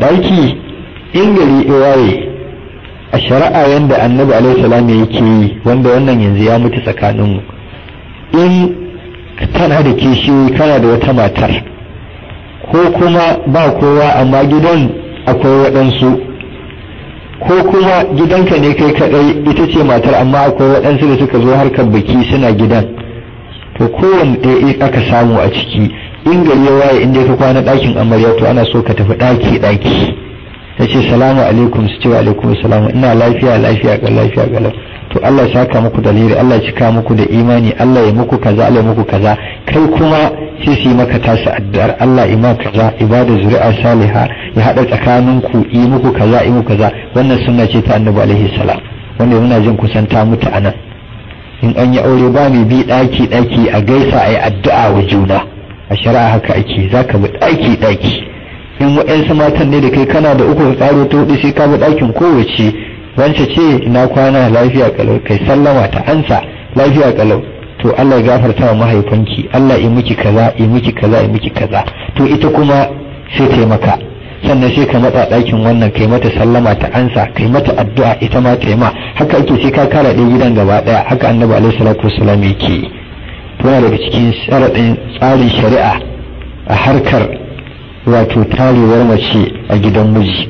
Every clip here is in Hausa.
ɗaki in gari iwaye a shari'a yadda annabi alaihi salam yake yi wanda wannan yanzu ya mutu tsakaninmu in tana da kishiyoyi kana da wata matar ko kuma ba kowa amma gidan akwai waɗansu ko kuma gidanka ne kai kaɗai ita ce matar amma akwai waɗansu da suka zo harkar biki suna gidan to kowane ɗaya aka samu a ciki in gari ya waye in dai ka kwana ɗakin amarya to ana so ka tafi ɗaki ɗaki ta ce salamu alaikum su ce wa alaikum salamu ina lafiya lafiya ga lafiya ga to Allah ya saka muku dalili Allah ya cika muku da imani Allah ya muku kaza Allah ya muku kaza kai kuma sai su yi maka tasu addu'ar Allah ya ima kaza ibada zuri'a saliha ya hada tsakaninku yi muku kaza yi muku kaza wannan sunna ce ta annabi alaihi salam wanda muna jin kusan ta mutu anan in an yi aure ba mai bi daki daki a gaisa a yi addu'a wa juna a shari'a haka ake za ka bi ɗaki ɗaki in waɗansu matan ne da kai kana da uku tsaro ta hudu sai ka bi ɗakin kowace wance ce ina kwana lafiya kalau kai sallama ta ansa lafiya kalau to Allah ya gafarta wa mahaifanki Allah ya miki kaza ya miki kaza ya miki kaza to ita kuma sai ta sannan sai ka matsa ɗakin wannan kai mata sallama ta ansa kai mata addu'a ita ma ta haka ake sai ka kara ɗaya gidan gaba ɗaya haka annabi alaihi salatu wasalam yake yi yana daga cikin sharaɗin tsarin shari'a a harkar wato tarewar mace a gidan miji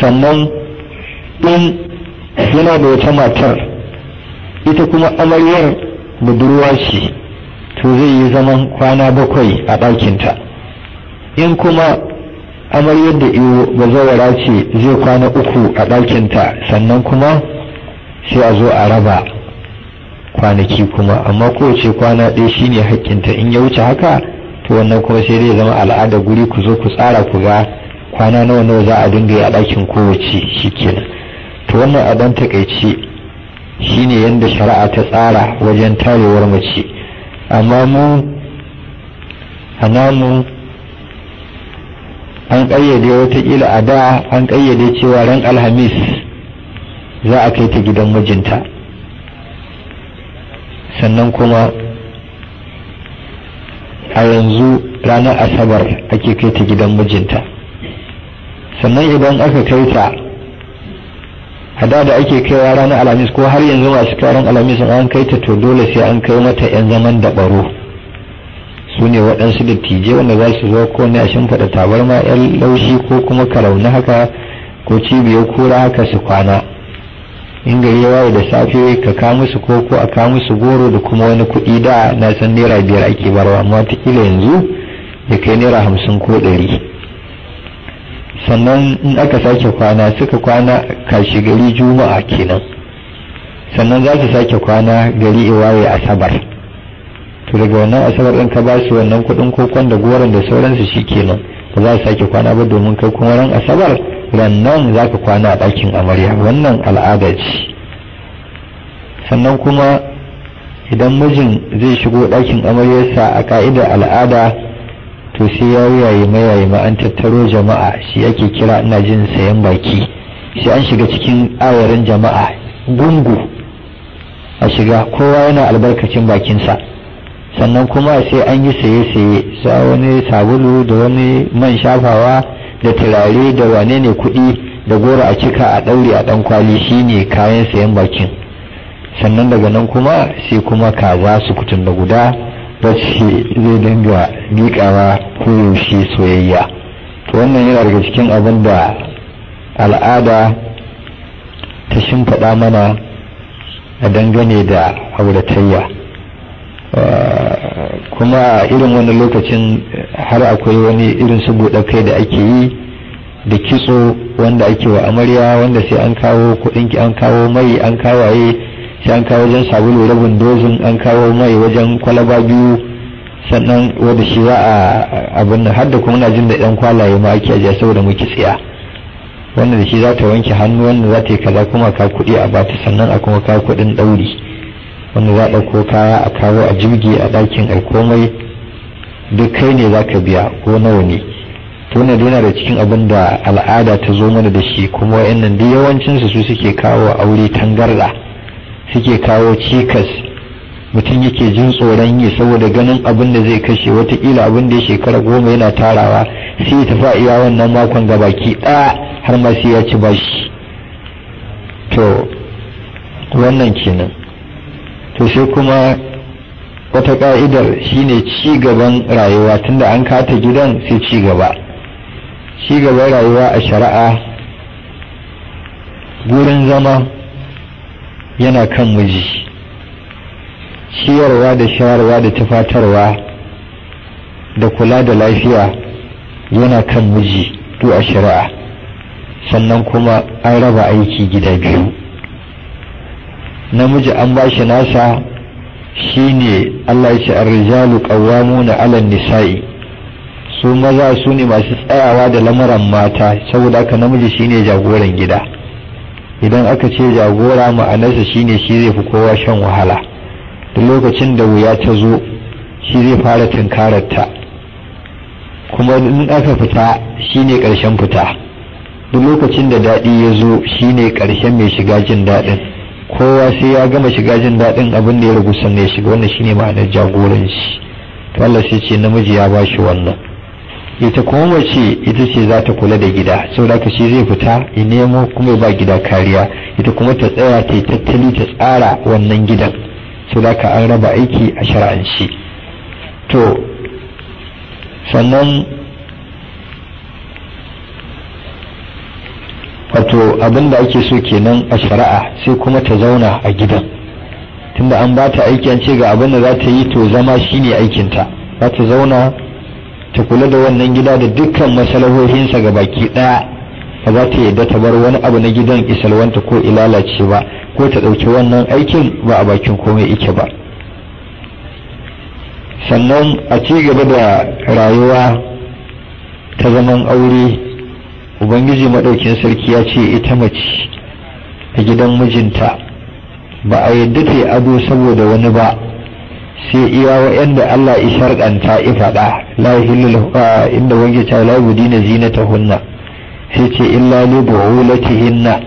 sannan in yana da wata matar ita kuma amaryar budurwa ce to zai yi zaman kwana bakwai a ɗakinta in kuma amaryar da iyo bazawara ce zai kwana uku a ɗakinta sannan kuma sai a zo a raba kwanaki kuma amma kowace kwana ɗaya shine hakkinta in ya wuce haka to wannan kuma sai zai zama al'ada guri ku zo ku tsara ku ga kwana nawa nawa za a dinga yi a ɗakin kowace shikenan to wannan a dan takaice shine yadda shari'a ta tsara wajen tarewar mace amma mu a namu an ƙayyade watakila a da an ƙayyade cewa ran alhamis za a kai ta gidan mijinta sannan kuma a yanzu ranar asabar ake kai ta gidan mijinta sannan idan aka kai ta hada da ake kaiwa ranar alhamis ko har yanzu masu karan alhamis an kai ta to dole sai an kai mata 'yan zaman da baro su ne waɗansu dattijai wanda za su zo ko ne a shimfiɗa tabarma 'yan laushi ko kuma karau na haka ko cibiyar kura haka su kwana in gari ya waye da safe ka ka musu koko a ka musu goro da kuma wani kuɗi da na san naira biyar ake barwa amma watakila yanzu ya kai naira hamsin ko ɗari sannan in aka sake kwana suka kwana kashi gari juma'a kenan sannan za su sake kwana gari iwaye asabar to daga wannan asabar ɗin ka ba su wannan kuɗin kokon da goron da sauransu shi kenan ba za a sake kwana ba domin kai kuma ran asabar rannan za ka kwana a ɗakin amarya wannan al'ada ce sannan kuma idan mijin zai shigo ɗakin amaryarsa a ka'idar al'ada to sai ya wuyaye mayaye an tattaro jama'a shi yake kira ina jin sayan baki sai an shiga cikin ayarin jama'a gungu a shiga kowa yana albarkacin bakinsa sannan kuma sai an yi saye-saye sa wani sabulu da wani man shafawa da turare da wane ne kuɗi da goro a cika a ɗaure a ɗan kwali shine kayan sayan bakin sannan daga nan kuma sai kuma za su kutun da guda wacce zai dinga miƙawa shi soyayya to wannan yana daga cikin abin da al'ada ta shimfiɗa mana a dangane da auratayya. kuma a irin wani lokacin har akwai wani irin su buɗe kai da ake yi da kitso wanda ake wa amarya wanda sai an kawo kuɗin an kawo mai an kawaye sai an kawo wajen sabulu rabin dozin an kawo mai wajen kwalaba biyu sannan wadda shi za a abin nan kuma na jin da ɗan kwalaye ma ake ajiya saboda mu kitsiya wanda da shi za ta wanke hannu wanda za ta yi kaza kuma ka kuɗi a bata sannan a kuma ka kuɗin ɗauri wanda za ɗauko kaya a kawo a jirgi a ɗakin ai komai duk kai ne za ka biya ko nawa ne to yana da cikin abin da al'ada ta zo mana da shi kuma wa'annan duk yawancinsu su suke kawo aure tangarɗa suke kawo cikas mutum yake jin tsoron yi saboda ganin abin da zai kashe watakila abin da ya shekara goma yana tarawa sai ya tafi iya wannan makon gabaki ɗaya har ma sai ya ci bashi to wannan kenan to sai kuma wata ka'idar shine ci gaban rayuwa tunda an kata gidan sai ci gaba gaban rayuwa a shari'a gurin zama yana kan miji ciyarwa da shayarwa da tafatarwa da kula da lafiya yana kan miji to a shari'a sannan kuma an raba aiki gida biyu namiji an ba shi nasa shine Allah ya ce ar-rijalu qawwamuna 'ala nisai su maza su ne masu tsayawa da lamuran mata saboda haka namiji shine jagoran gida idan aka ce jagora ma'anarsa shine shi zai fi kowa shan wahala duk lokacin da wuya ta zo shi zai fara tunkarar ta kuma in aka fita shine ƙarshen fita duk lokacin da daɗi ya zo shine karshen mai shiga jin daɗin kowa sai ya gama shiga jin daɗin abin da ya ragu sannan ya shiga wannan shine ma'anar jagoranci to Allah sai ce namiji ya ba shi wannan ita kuma mace ita ce za ta kula da gida saboda ka shi zai fita ya nemo kuma ya ba gida kariya ita kuma ta tsaya ta yi tattali ta tsara wannan gidan saboda ka an raba aiki a shara'anci to sannan wato abin da ake so kenan a shari'a sai kuma ta zauna a gidan tunda an ba ta aiki an ce ga abin da za ta yi to zama shine aikinta za ta zauna ta kula da wannan gida da dukkan masalahohinsa ga baki ɗaya ba za ta yadda ta bar wani abu na gidan isalwanta ko ilalace ba ko ta ɗauki wannan aikin ba a bakin komai ike ba sannan a ci gaba da rayuwa ta zaman aure ubangiji maɗaukin sarki ya ce ita mace a gidan mijinta ba a yadda ta yi ado saboda wani ba sai iya wa'yanda Allah isar ƙanta ifaɗa la inda wange ta la budina ta hunna sai ce illa li bu'ulatihinna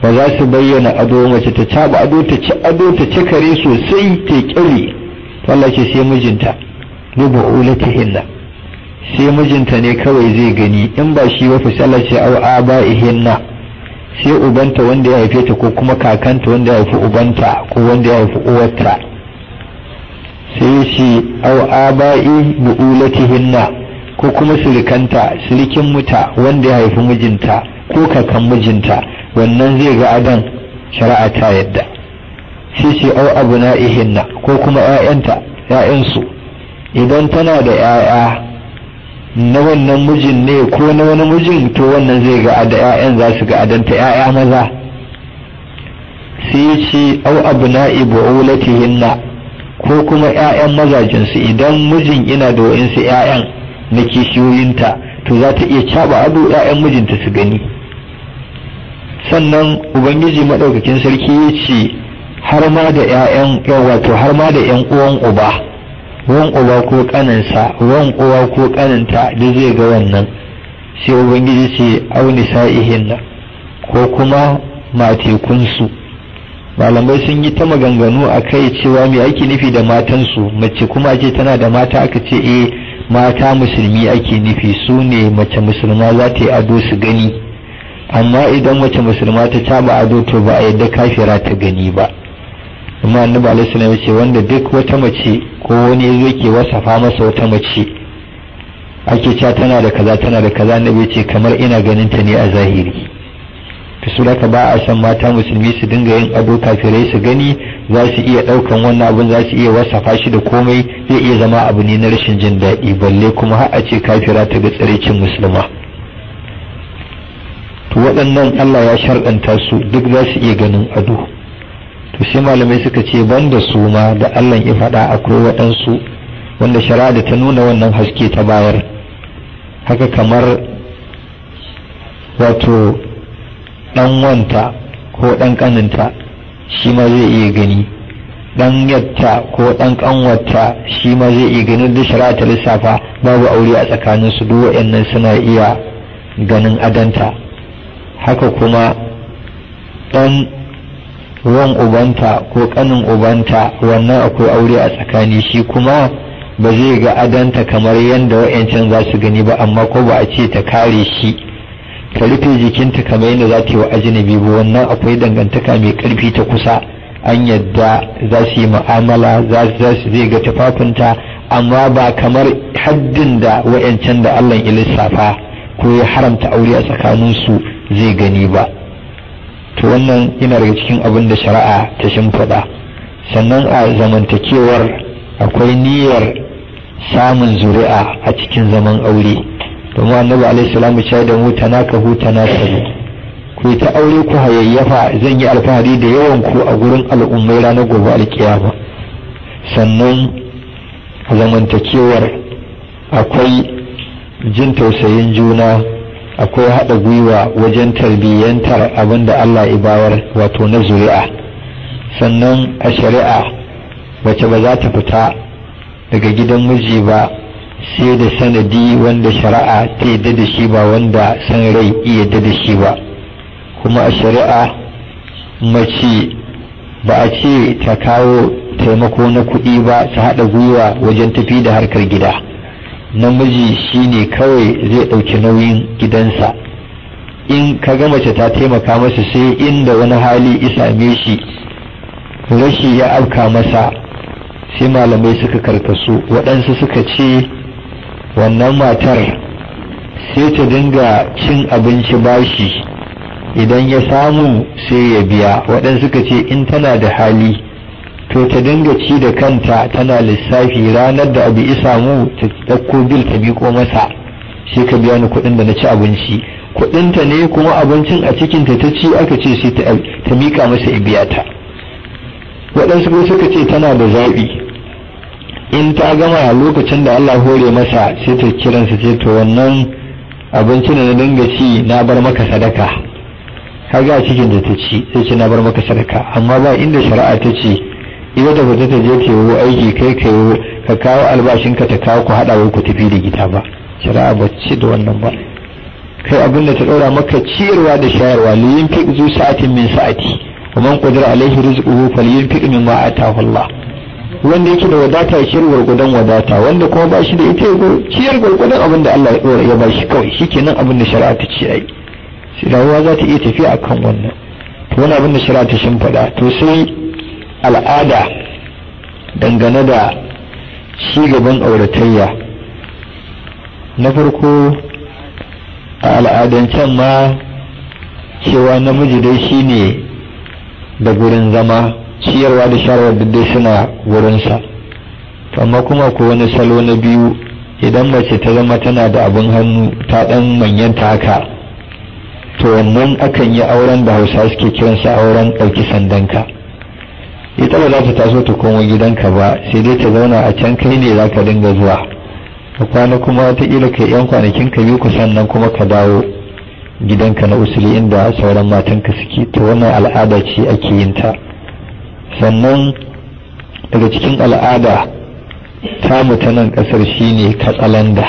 ba za su bayyana ado mace ta caba ado ta ci ado ta ci kare sosai ta kyale to Allah ce sai mijinta li bu'ulatihinna sai mijinta ne kawai zai gani in ba shi wa fasala ce au aba'ihinna sai ubanta wanda ya haife ta ko kuma kakanta wanda ya haifi ubanta ko wanda ya haifi uwarta sai shi au aba'i bu'ulatihinna ko kuma sirikanta sirikin muta wanda ya haifi mijinta ko kakan mijinta wannan zai ga adan shari'a ta yadda sai shi au abu na'ihinna ko kuma 'ya'yanta 'ya'yansu idan tana da 'ya'ya na wannan mijin ne ko na wani mijin to wannan zai ga ada ƴaƴan za su ga adanta ƴaƴa maza sai ya ce au abna'i bu'ulatihinna ko kuma ƴaƴan mazajinsu idan mijin ina da wa'insu ƴaƴan na kishiyoyinta to za ta iya caba ado ƴaƴan mijinta su gani sannan ubangiji maɗaukakin sarki ya ce har ma da ƴaƴan wato har ma da ƴan uwan uba wan uba ko kaninsa wan uwa ko kaninta da zai ga wannan sai ubangiji ce auni sa'ihin ko kuma matekunsu malamai sun yi ta maganganu a kai cewa me ake nufi da matansu mace kuma ce tana da mata aka ce e mata musulmi ake nufi su ne mace musulma za ta yi ado su gani amma idan mace musulma ta caba ado to ba a yadda kafira ta gani ba amma annabi alaihi salam yace wanda duk wata mace ko wani yazo yake wasafa masa wata mace ake ca tana da kaza tana da kaza annabi yace kamar ina ganin ta ne a zahiri to su da ba a san mata musulmi su dinga yin ado kafirai su gani za su iya daukan wannan abin za su iya wasafa shi da komai zai iya zama abu ne na rashin jin daɗi balle kuma har a ce kafira ta ga tsiricin musulma to waɗannan Allah ya shar'anta su duk za su iya ganin ado to malamai suka ce banda su ma da Allah ya faɗa akwai waɗansu wanda shari'a da ta nuna wannan haske ta bayar haka kamar wato ɗan wanta ko ɗan ƙaninta shi ma zai iya gani ɗan yatta ko ɗan ƙanwata shi ma zai iya gani da shari'a ta lissafa babu aure a tsakaninsu duk waɗannan suna iya ganin adanta haka kuma ɗan ruwan ubanta ko kanin ubanta wannan akwai aure a tsakani shi kuma ba zai ga adanta kamar yadda wa'yancan za su gani ba amma ko ba a ce ta kare shi ta rufe jikinta kamar yadda za ta yi wa ajinabi ba wannan akwai dangantaka mai karfi ta kusa an yadda za su yi ma'amala za su zai ga tufafinta amma ba kamar haddin da wa'yancan da allah ya lissafa ko ya haramta aure a tsakaninsu zai gani ba to wannan yana daga cikin abin da shari'a ta shimfiɗa sannan a zamantakewar akwai niyyar samun zuri'a a cikin zaman aure domin annabi alaihi salamu ya da mu tana tanasabu ku yi ta aure ku hayayyafa zan yi alfahari da yawan ku a gurin al'ummai ranar gobe alkiyama sannan zamantakewar akwai jin tausayin juna akwai haɗa gwiwa wajen tarbiyyantar abin da Allah ibawar wato na zuri'a sannan a shari'a wace ba za ta fita daga gidan miji ba sai da sanadi wanda shari'a ta yadda da shi ba wanda san rai iya yadda da shi ba kuma a shari'a mace ba a ce ta kawo taimako na kuɗi ba ta haɗa gwiwa wajen tafi da harkar gida. namiji shine kawai zai ɗauki nauyin gidansa in ka ga mace ta taimaka masa sai inda wani hali isame shi rashi ya afka masa sai malamai suka karkasu waɗansu suka ce wannan matar sai ta dinga cin abinci bashi idan ya samu sai ya biya waɗansu suka ce in tana da hali to ta dinga ci da kanta tana lissafi ranar da abu isa mu ta ɗauko bil ta miƙo masa shi ka biya ni kuɗin da na ci abinci kuɗin ta ne kuma abincin a cikin ta ci aka ce sai ta miƙa masa ibiya ta waɗansu ko suka ce tana da zaɓi in ta gama lokacin da Allah hore masa sai ta kiransa ce to wannan abincin da na dinga ci na bar maka sadaka kaga a cikin da ta ci sai ce na bar maka sadaka amma ba inda shari'a ta ce wata wata ta je ke wo aiki kai ka yi ka kawo albashinka ta kawo ku haɗa wai ku tafi da gida ba shari'a ba ce da wannan ba kai abin da ta dora maka ciyarwa da shayarwa liyin fiq zu sa'atin min sa'ati wa man qadara alayhi rizquhu min mimma ataahu Allah wanda yake da wadata ya ciyar gwargwadon wadata wanda kuma ba shi da ita ya ciyar gwargwadon abin da Allah ya dora ya ba shi kawai shikenan abin da shari'a ta ce ai sai rayuwa za ta iya tafiya akan wannan to wani abin da shari'a ta shimfada. to sai al'ada dangane da shi gaban auratayya na farko a al'adancen ma cewa namiji dai shi ne da gurin zama ciyarwa da sharwar dai suna gurinsa amma kuma ko wani salo na biyu idan mace ta zama tana da abin hannu ta ɗan manyanta haka to wannan akan yi auren da hausa suke kiransa auren ɗauki sandanka ita ba za ta taso ta komo gidanka ba sai dai ta zauna a can kai ne za ka dinga zuwa ka kwana kuma ta ƙila ka yan kwanakin ka biyu kusan nan kuma ka dawo gidanka na usuli inda sauran matanka suke ta wannan al'ada ce ake yin ta sannan daga cikin al'ada ta ta nan ƙasar shine katsalanda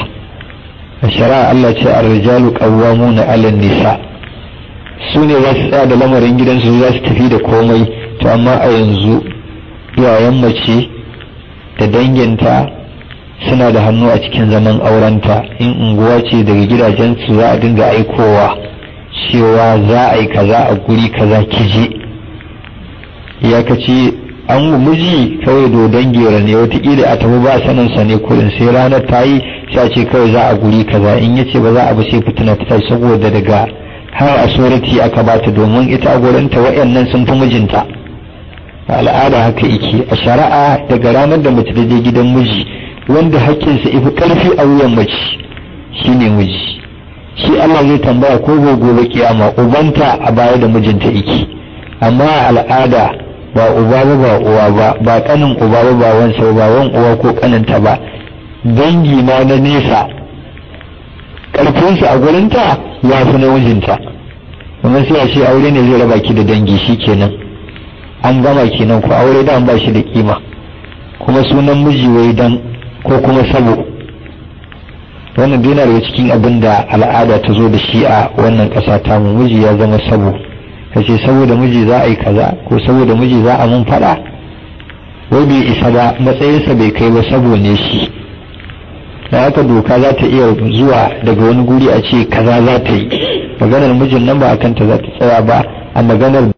a shari'a Allah ce a rijalu qawwamuna alin nisa su ne za su tsaya da lamarin gidansu za su tafi da komai to amma a yanzu iyayen mace da danginta suna da hannu a cikin zaman aurenta in unguwa ce daga gidajensu za a dinga aikowa cewa za a yi kaza a guri kaza kije ya kace an miji kawai do dangiyar ne wata kila a tafi ba saninsa ne kurin sai ranar ta yi sai ce kawai za a guri kaza in yace ba za a ba sai fitina ta saboda daga har a surati aka bata domin ita a gurinta waɗannan sun fi mijinta al'ada haka yake a shari'a daga ranar da mace je gidan miji wanda sa ifi karfi a wuyan mace shine miji shi Allah zai tambaya ko gobe kiyama ubanta a baya da mijinta yake amma al'ada ba uba ba ba uwa ba ba kanin uba ba ba wansa ba wan uwa ko kaninta ba dangi ma na nesa karfinsa a gurinta ya fi na mijinta kuma sai a ce aure ne zai raba ki da dangi shi shikenan an gama kenan ko aure da an ba shi da kima kuma sunan miji wai dan ko kuma sabo wannan dina daga cikin abin da al'ada ta zo da shi a wannan ƙasa ta mu miji ya zama sabo kace saboda miji za a yi kaza ko saboda miji za a mun faɗa wai bai isa ba matsayinsa bai kai ba sabo ne shi da haka doka za ta iya zuwa daga wani guri a ce kaza za ta yi maganar mijin nan ba a kanta za ta tsaya ba a maganar